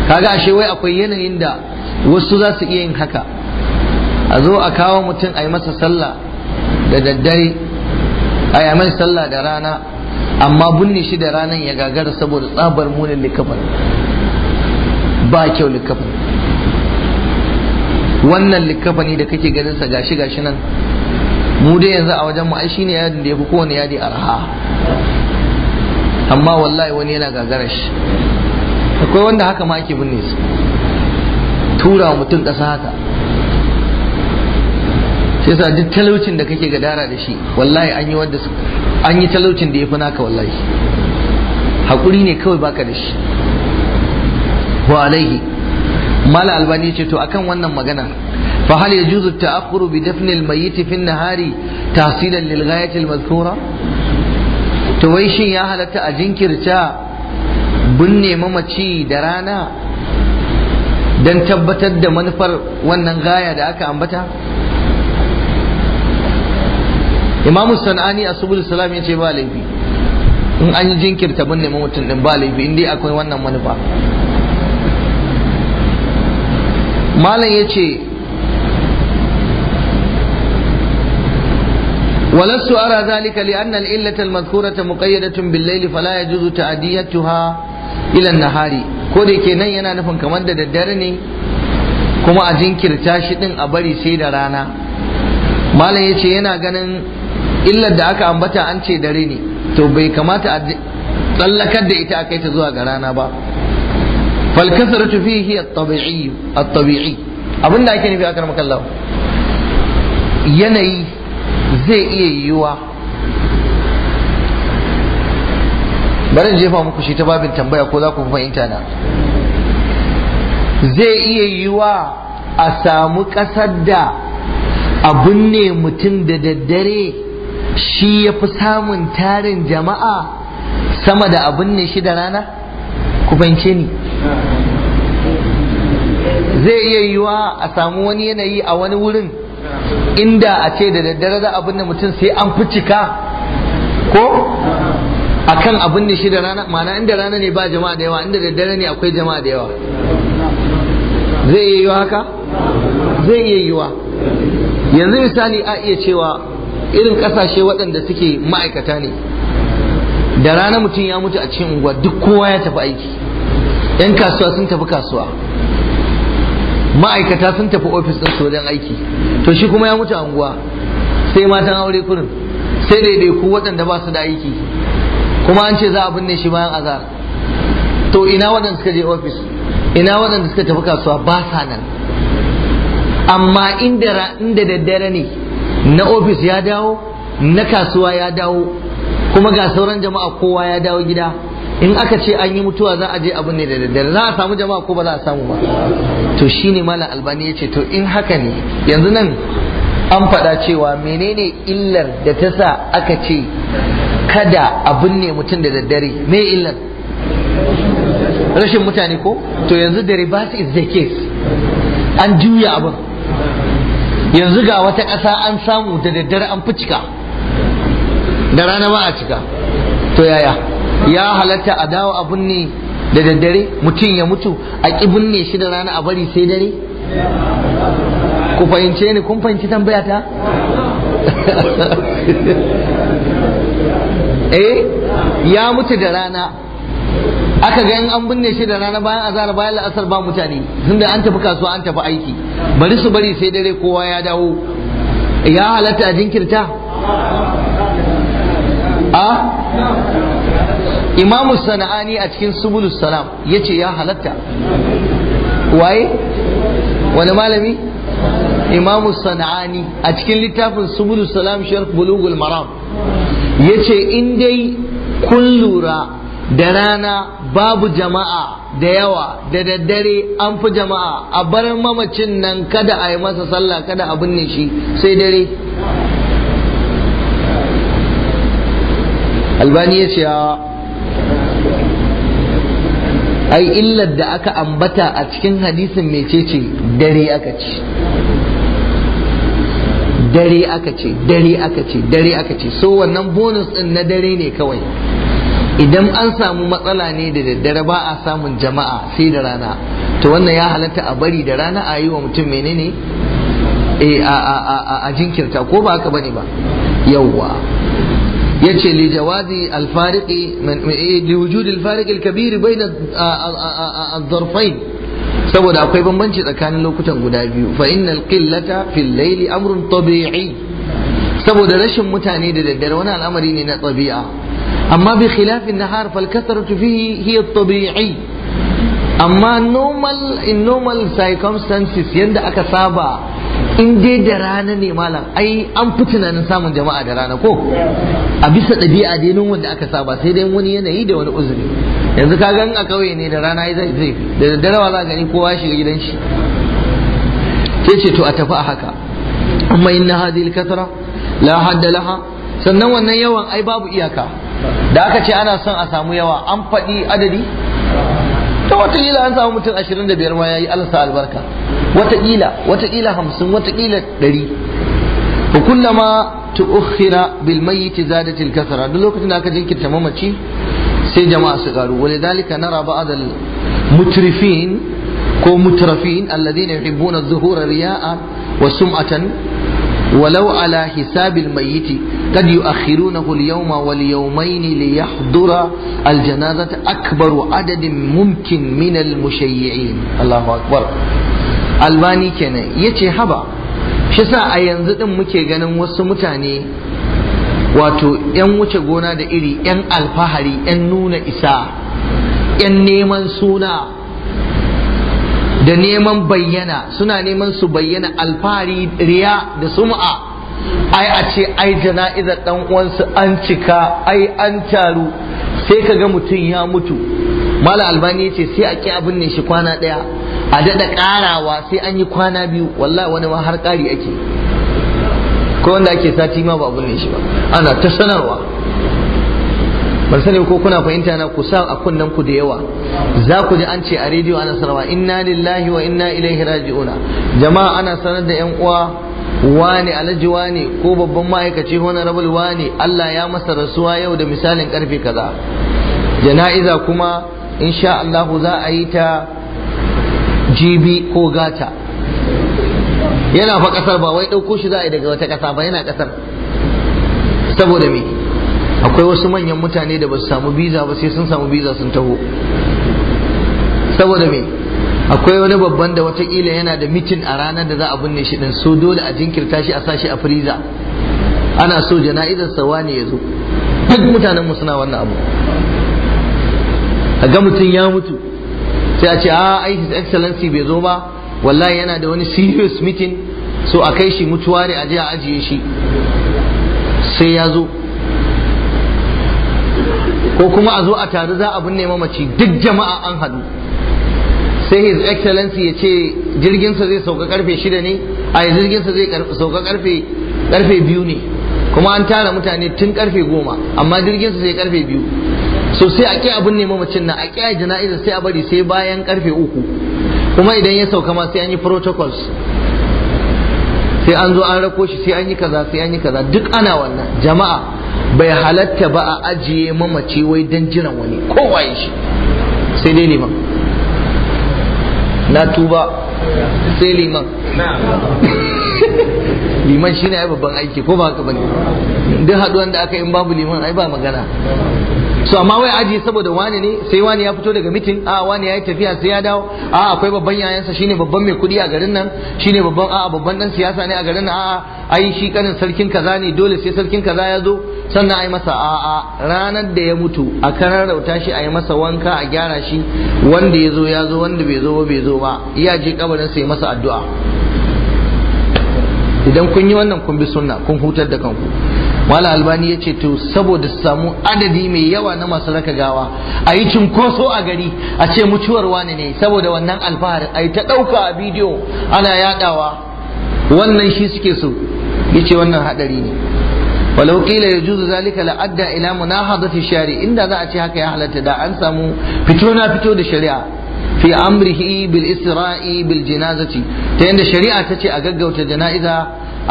kaga ashe wai akwai yanayin da wasu za su iya yin haka a zo a kawo mutum a yi masa sallah da daddare a yi sallah da rana amma bunne shi da ranan ya gagara saboda tsabar munin likafin ba kyau likafin wannan likafani da kake ganin sa gashi gashi nan mu dai yanzu a wajen mu ai shine yadin da yafi kowane yadi arha amma wallahi wani yana gagarar shi akwai wanda haka ma ake binne su tura wa mutum ƙasa haka sai sa duk talaucin da kake gadara da shi wallahi an yi wanda an yi talaucin da yafi naka wallahi hakuri ne kawai baka da shi wa alaihi mala albani ce to akan wannan magana fa hal yajuzu ta'akhkhuru bi dafn mai mayyit fi an-nahari tahsilan lil ghayati al to wai shin ya halarta a jinkirta binne mamaci da rana don tabbatar da manufar wannan gaya da aka ambata imam sanani a subul salam ya ce ba laifi in an yi jinkirta binne mamacin din ba laifi in dai akwai wannan manufa malam ya ce ara illatal mazkurata muqayyadatun bil layli fala yajuzu ta'diyatuha ila an-nahari Ko da ke nan yana nufin kamar da daddare ne kuma a jinkirta shi din a bari sai da rana malam yace yana ganin illar da aka ambata an ce dare ne to bai kamata a tsallakar da ita a kai ta zuwa ga rana ba fal kasratu fihi a tabii at-tabi'i abinda ake nufi akan makallah yanayi zai iya yiwuwa bari jefa muku shi ta babin tambaya ko za ku fahimta na zai iya yiwuwa a samu ƙasar da abin ne mutum da daddare shi ya fi samun tarin jama'a sama da abin ne shi da rana ku fahimce ni zai iya yiwa a samu wani yanayi a wani wurin inda a ce da daddare za abin da mutum sai an fi cika ko a kan abin da shi da rana mana inda rana ne ba jama'a da yawa inda daddare ne akwai jama'a da yawa zai iya yiwa haka zai iya yiwa yanzu misali a iya cewa irin kasashe waɗanda suke ma'aikata ne da rana mutum ya mutu a cikin unguwa duk kowa ya tafi aiki 'yan kasuwa sun tafi kasuwa ma'aikata sun tafi ofis ɗin su wajen aiki to shi kuma ya mutu anguwa sai matan aure kurin sai ku waɗanda ba su da aiki kuma an ce za a binne shi bayan azar to ina waɗanda suka je ofis ina waɗanda suka tafi kasuwa ba sa nan amma inda da daddare ne na ofis ya dawo na kasuwa ya dawo kuma ga sauran jama'a kowa ya dawo gida in aka ce an yi mutuwa za a je abin ne da daddare za a samu jama'a ko ba za a samu ba to shine malam albani ya ce to in haka ne yanzu nan an faɗa cewa menene illar da ta sa aka ce kada abin ne mutum da daddare me illar rashin mutane ko to yanzu da reverse is the case an juya abin yanzu ga wata ƙasa an samu da daddare an fi cika da rana ba a cika to yaya ya halatta a dawo a binne da daddare mutum ya mutu a ki binne shi da rana a bari sai dare ku fahimce ni kun fahimci tambaya ta eh ya mutu da rana aka ga in an binne shi da rana bayan azara bayan la'asar ba mutane da an tafi kasuwa an tafi aiki bari su bari sai dare kowa ya dawo ya halatta a jinkirta a ah? imam sana'ani a cikin subul salam ya ce ya halatta waye wani malami imam sana'ani a cikin littafin subul salam sharh bulugul maram ya ce in dai kun lura da rana babu jama'a da yawa da daddare an fi jama'a a barin mamacin nan kada a yi masa sallah kada a binne shi sai dare albani ya ce ai illar da aka ambata a cikin hadisin mecece dare aka ce dare aka ce dare aka ce dare aka ce so wannan bonus din na dare ne kawai idan an samu matsala ne da daddare ba a samun jama'a sai da rana to wannan ya halatta a bari da rana a yi wa mutum menene eh, a jinkirta ko ba haka bane ba yauwa yace li jawazi al-fariqi li wujud al-fariq al-kabir saboda akwai bambanci tsakanin lokutan guda biyu fa innal qillata fil layli amrun tabi'i saboda rashin mutane da daddare wani al'amari ne na tabi'a amma bi khilafin nahar fal kasratu fihi hiya amma normal in normal circumstances yanda aka saba in dai da rana ne malam ai an fi tunanin samun jama'a da rana ko a bisa ɗabi'a dai nun wanda aka saba sai dai wani yanayi da wani uzuri yanzu ka gan a kauye ne da rana ya zai da daddare za gani kowa shiga gidan shi sai ce to a tafi a haka amma inna hadhihi kasara la hadda laha sannan wannan yawan ai babu iyaka da aka ce ana son a samu yawa an faɗi adadi ta wataƙila an samu mutum ashirin da biyar ma ya yi alasa albarka wataƙila wataƙila hamsin wataƙila ɗari wa kullama tu'ukhira bil mayyit zadat al kasara duk lokacin da aka jinkirta mamaci sai jama'a su karu wa lidhalika nara ba'd al mutrifin ko mutrafin alladhina yuhibbuna adh-dhuhura riya'a wa sum'atan ولو على حساب الميت قد يؤخرونه اليوم واليومين ليحضر الجنازة أكبر عدد ممكن adadin المشيعين الله أكبر albani kenan ya ce haba shi sa a yanzu ɗin muke ganin wasu mutane wato 'yan wuce gona da iri 'yan alfahari 'yan nuna isa 'yan neman suna da neman bayyana suna neman su bayyana alfahari riya da sum'a ai a ce ai jana'izar dan uwansu an cika ai an taru sai kaga mutum ya mutu mala albani yace sai a ki abin ne shi kwana daya a dada ƙarawa sai an yi kwana biyu wallahi wani ma har kari ake ko wanda ake sati ma ba abin ne shi ba ana ta sanarwa ban sani ko kuna fahimta na ku sa a kunnen ku da yawa za ku ji an ce a rediyo ana sanarwa inna lillahi wa inna ilaihi raji'una jama'a ana sanar da yan uwa wani alhaji wani ko babban ma'aikaci honorable wani Allah ya masa rasuwa yau da misalin karfe kaza jana'iza kuma insha Allah za a yi ta jibi ko gata yana fa kasar ba wai dauko shi za a yi daga wata kasa ba yana kasar saboda me akwai wasu manyan mutane da ba su samu biza ba sai sun samu biza sun taho saboda me akwai wani babban da watakila yana da mitin a ranar da za a binne shi din so dole a jinkirta shi a sa shi a freezer ana so jana'izar sawa ne ya zo duk mutanen mu suna wannan abu a ga mutum ya mutu sai a ce a ah, ai his excellency bai zo ba wallahi yana da wani serious meeting so a kai shi mutuwa a je a ajiye shi sai ya zo ko kuma a zo a taru za a binne mamaci duk jama'a an haɗu sai his excellency ya ce jirginsa zai sauka karfe shida ne a jirginsa zai sauka karfe karfe biyu ne kuma an tara mutane tun karfe goma amma jirginsa zai karfe biyu so sai a ke a binne mamacin nan a ke a jana'izar sai a bari sai bayan karfe uku kuma idan ya sauka ma sai an yi protocols sai an zo an rako shi sai an yi kaza sai an yi kaza duk ana wannan jama'a bai halatta ba a ajiye mamaci wai don jiran wani kowa waye shi sai dai liman na tuba sai liman liman shine ai babban aiki ko ba haka bane duk haduwan da aka yi babu liman ai ba magana so amma wai aji saboda wani ne sai wani ya fito daga mitin a wani ya yi tafiya sai ya dawo a akwai babban yayansa shine babban mai kuɗi a garin nan shine babban a babban dan siyasa ne a garin nan a ai shi kanin sarkin kaza ne dole sai sarkin kaza ya zo sannan a yi masa a a ranar da ya mutu a karar rauta shi a masa wanka a gyara shi wanda ya zo ya zo wanda bai zo ba bai zo ba iya je kabarin sai masa addu'a idan kun yi wannan kun bi sunna kun hutar da kanku mala albani ya ce to saboda su samu adadi mai yawa na masu raka gawa a yi cinkoso a gari a ce mutuwar wani ne saboda wannan alfahar a yi ta ɗauka a bidiyo ana yadawa wannan shi suke so ya ce wannan hadari ne walau kila ya juzu zalika la'adda ila munahadati shari inda za a ce haka ya halatta da an samu fito na fito da shari'a fi amrihi bil isra'i bil janazati ta yanda shari'a ta ce a gaggauta jana'iza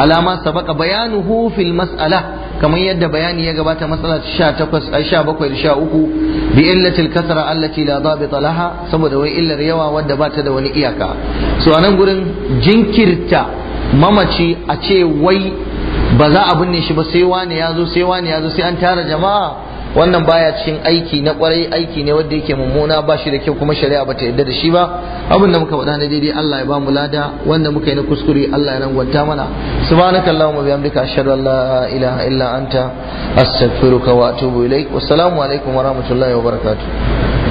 alama sabaka bayanuhu fil mas'ala kamar yadda bayani ya gabata matsala 18 ai 17 da 13 bi illatil kasra allati la dabita laha saboda wai illar yawa wadda ba ta da wani iyaka so anan gurin jinkirta mamaci a ce wai ba za a binne shi ba sai wani ya zo sai wani ya zo sai an tara jama'a wannan baya cikin aiki na kwarai aiki ne wanda yake mummuna ba shi da kyau kuma shari'a bata yarda da shi ba abin da muka faɗa na daidai Allah ya ba mu lada wanda muka yi na kuskure Allah ya rangwanta mana wa bihamdika ashhadu an la ilaha illa anta astaghfiruka wa atubu ilaik wassalamu alaikum wa rahmatullahi wa barakatuh